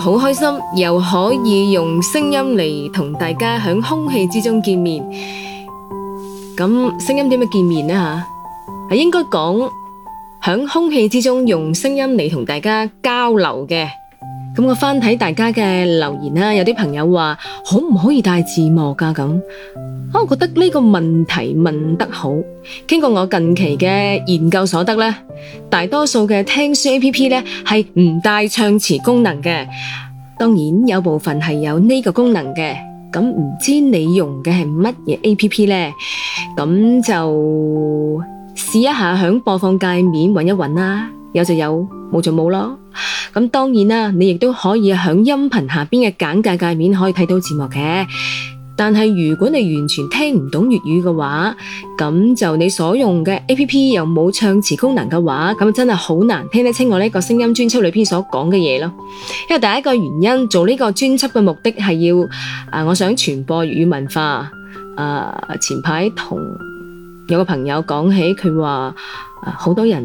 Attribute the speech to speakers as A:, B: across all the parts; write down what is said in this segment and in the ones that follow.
A: 好開心，又可以用聲音嚟同大家喺空氣之中見面。咁聲音點樣見面呢？吓係應該講喺空氣之中用聲音嚟同大家交流嘅。咁我翻睇大家嘅留言啦，有啲朋友話可唔可以帶字幕噶？啊，咁，我覺得呢個問題問得好。經過我近期嘅研究所得咧，大多數嘅聽書 A P P 咧係唔帶唱詞功能嘅，當然有部分係有呢個功能嘅。咁唔知你用嘅係乜嘢 A P P 呢？咁就試一下響播放界面揾一揾啦。有就有，冇就冇咯。咁當然啦，你亦都可以響音頻下面嘅簡介界面可以睇到字幕嘅。但係如果你完全聽唔懂粵語嘅話，咁就你所用嘅 APP 又冇唱詞功能嘅話，咁真係好難聽得清我呢個聲音專輯裏邊所講嘅嘢咯。因為第一個原因，做呢個專輯嘅目的係要啊、呃，我想傳播粵語文化。誒、呃，前排同有個朋友講起，佢話好多人。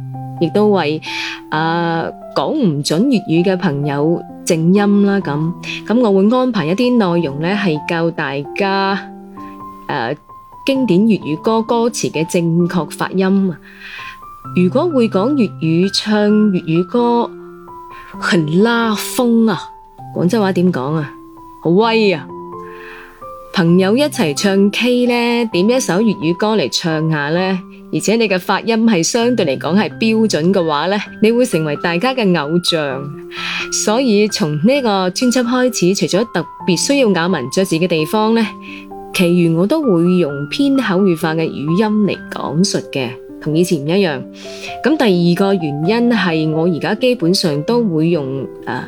A: 亦都為誒講唔準粵語嘅朋友正音啦，咁咁我會安排一啲內容呢，係教大家誒、呃、經典粵語歌歌詞嘅正確發音。如果會講粵語唱粵語歌，係、呃、拉風啊！廣州話點講啊？好威啊！朋友一齊唱 K 咧，點一首粵語歌嚟唱下咧，而且你嘅發音係相對嚟講係標準嘅話呢，你會成為大家嘅偶像。所以從呢個專輯開始，除咗特別需要咬文嚼字嘅地方呢，其餘我都會用偏口語化嘅語音嚟講述嘅，同以前唔一樣。咁第二個原因係我而家基本上都會用啊。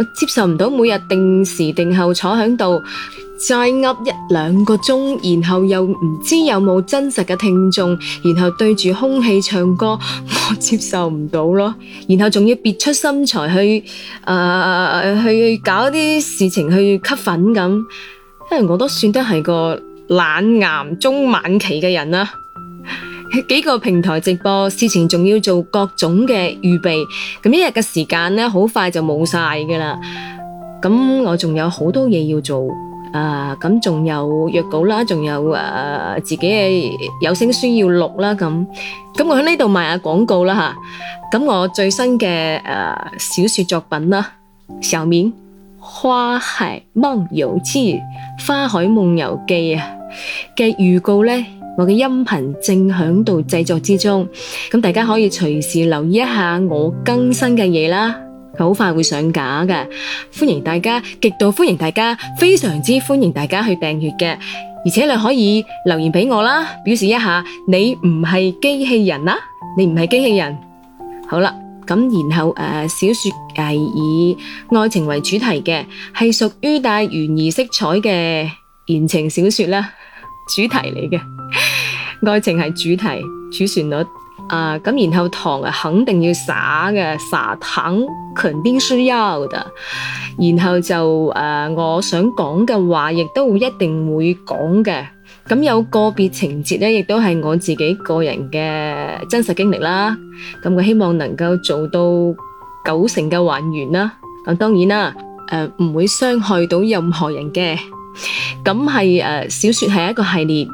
A: 我接受唔到每日定時定候坐喺度，再噏一兩個鐘，然後又唔知有冇真實嘅聽眾，然後對住空氣唱歌，我接受唔到咯。然後仲要別出心裁去，呃，去搞一搞啲事情去吸粉咁，因為我都算得係個懶癌中晚期嘅人啦。幾個平台直播，事前仲要做各種嘅預備，咁一日嘅時間咧，好快就冇晒噶啦。咁我仲有好多嘢要做，啊，咁仲有約稿啦，仲有、啊、自己嘅有聲書要錄啦，咁，咁我喺呢度賣下廣告啦吓，咁、啊、我最新嘅、啊、小說作品啦，上面花海夢遊之花海夢遊記啊嘅預告咧。我嘅音頻正響度製作之中，咁大家可以隨時留意一下我更新嘅嘢啦。佢好快會上架嘅，歡迎大家，極度歡迎大家，非常之歡迎大家去訂閱嘅，而且你可以留言俾我啦，表示一下你唔係機器人啦，你唔係機器人。好啦，咁然後，呃，小說係以愛情為主題嘅，係屬於帶懸疑色彩嘅言情小說啦，主題嚟嘅。愛情係主題主旋律，啊咁然後糖啊肯定要灑嘅灑糖，肯定需要的，然後就誒我想講嘅話亦都會一定會講嘅，咁有個別情節呢亦都係我自己個人嘅真實經歷啦，咁我希望能夠做到九成嘅還原啦，咁當然啦，誒唔會傷害到任何人嘅，咁係誒小說係一個系列。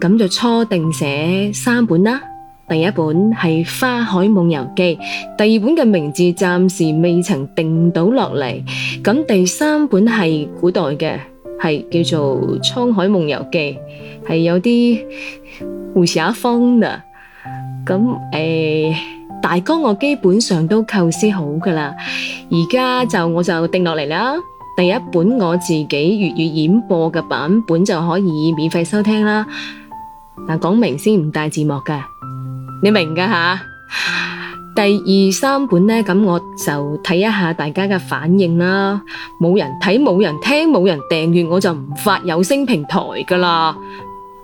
A: 咁就初定寫三本啦，第一本係《花海夢遊記》，第二本嘅名字暫時未曾定到落嚟，咁第三本係古代嘅，係叫做《滄海夢遊記》，係有啲武俠風嗱。咁、嗯哎、大綱我基本上都構思好噶啦，而家就我就定落嚟啦。第一本我自己粵語演播嘅版本就可以免費收聽啦，嗱講明先唔帶字幕嘅，你明噶吓？第二三本呢，咁我就睇一下大家嘅反應啦。冇人睇，冇人聽，冇人訂閱，我就唔發有聲平台噶啦。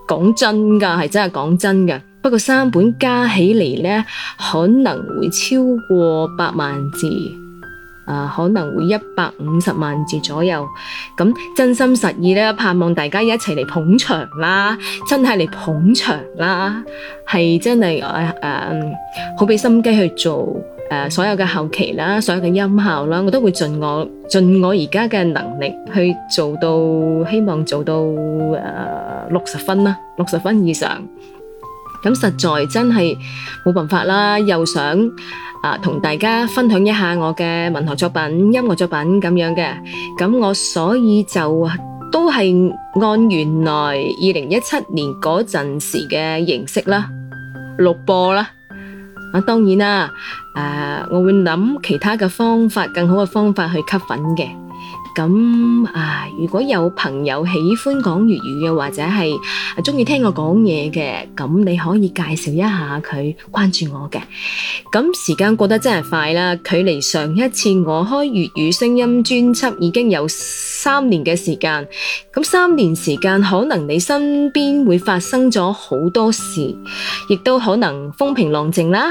A: 講真噶，係真係講真噶。不過三本加起嚟呢，可能會超過百萬字。誒，uh, 可能會一百五十萬字左右咁，真心實意呢，盼望大家一齊嚟捧場啦，真係嚟捧場啦，係真係好俾心機去做誒，uh, 所有嘅後期啦，所有嘅音效啦，我都會盡我盡我而家嘅能力去做到，希望做到誒六十分啦，六十分以上。咁實在真係冇辦法啦，又想啊同大家分享一下我嘅文學作品、音樂作品咁樣嘅，咁我所以就都係按原來二零一七年嗰陣時嘅形式啦，錄播啦，啊當然啦，誒我會諗其他嘅方法，更好嘅方法去吸粉嘅。咁，啊，如果有朋友喜歡講粵語嘅，或者係啊中意聽我講嘢嘅，咁你可以介紹一下佢關注我嘅。咁時間過得真係快啦，距離上一次我開粵語聲音專輯已經有三年嘅時間。咁三年時間，可能你身邊會發生咗好多事，亦都可能風平浪靜啦。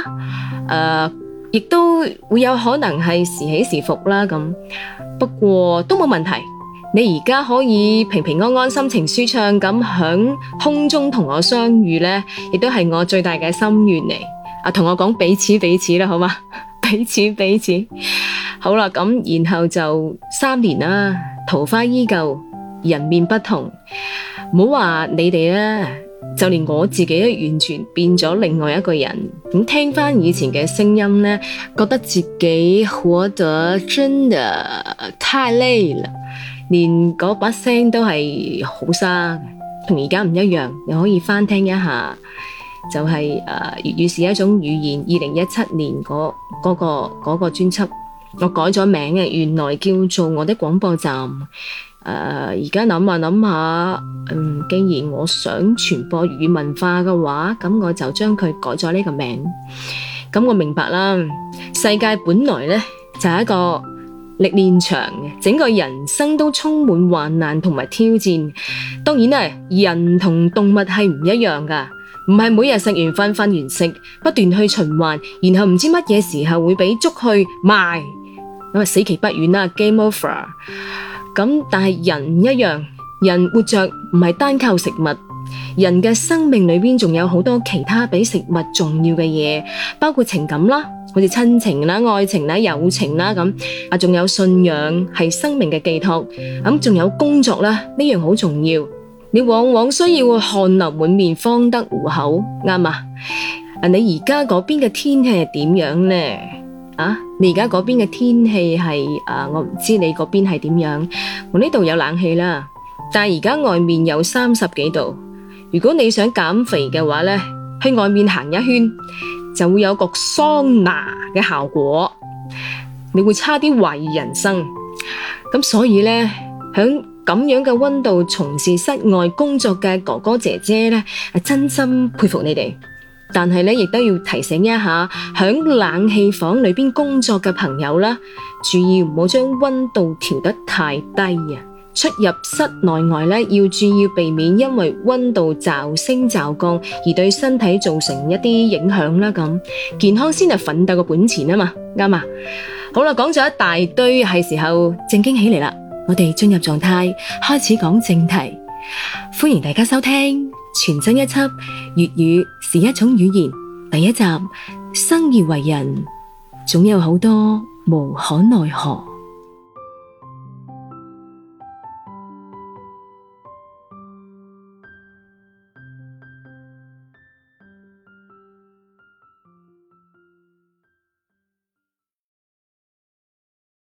A: 誒，呃。亦都會有可能係時起時伏啦咁，不過都冇問題。你而家可以平平安安、心情舒暢咁響空中同我相遇呢，亦都係我最大嘅心願嚟。啊，同我講彼此彼此啦，好嘛？彼此彼此。好啦，咁然後就三年啦，桃花依舊，人面不同。唔好話你哋喇！就連我自己都完全變咗另外一個人，咁聽翻以前嘅聲音呢，覺得自己活得真嘅太累啦，連嗰把聲都係好沙，同而家唔一樣。你可以翻聽一下，就係誒粵語是一種語言。二零一七年嗰、那、嗰個嗰、那個專輯、那個，我改咗名嘅，原來叫做我的廣播站。誒，而家諗下諗下，既然我想傳播粵語文化嘅話，咁我就將佢改咗呢個名。咁我明白啦，世界本來呢就係、是、一個歷練場，整個人生都充滿患難同埋挑戰。當然啦，人同動物係唔一樣噶，唔係每日食完飯瞓完食，不斷去循環，然後唔知乜嘢時候會俾捉去賣，咁啊死期不遠啦，game over。咁但係人唔一樣，人活着唔係單靠食物，人嘅生命裏面仲有好多其他比食物重要嘅嘢，包括情感啦，好似親情啦、愛情啦、友情啦咁，仲有信仰係生命嘅寄託，咁仲有工作啦，呢樣好重要，你往往需要汗流滿面方得糊口，啱嘛？啊，你而家嗰邊嘅天氣係點樣呢？啊！你而家嗰邊嘅天氣係誒，我唔知你嗰邊係點樣。我呢度有冷氣啦，但係而家外面有三十幾度。如果你想減肥嘅話咧，去外面行一圈就會有個桑拿嘅效果，你會差啲懷疑人生。咁所以咧，響咁樣嘅溫度從事室外工作嘅哥哥姐姐咧，係真心佩服你哋。但係咧，亦都要提醒一下，喺冷氣房裏邊工作嘅朋友啦，注意唔好將溫度調得太低。出入室內外咧，要注意避免因為溫度驟升驟降而對身體造成一啲影響啦。咁健康先係奮鬥嘅本錢啊嘛，啱啊。好啦，講咗一大堆，係時候正經起嚟啦。我哋進入狀態，開始講正題。歡迎大家收聽全新一輯粵語。是一種語言。第一集，生而為人，總有好多無可奈何。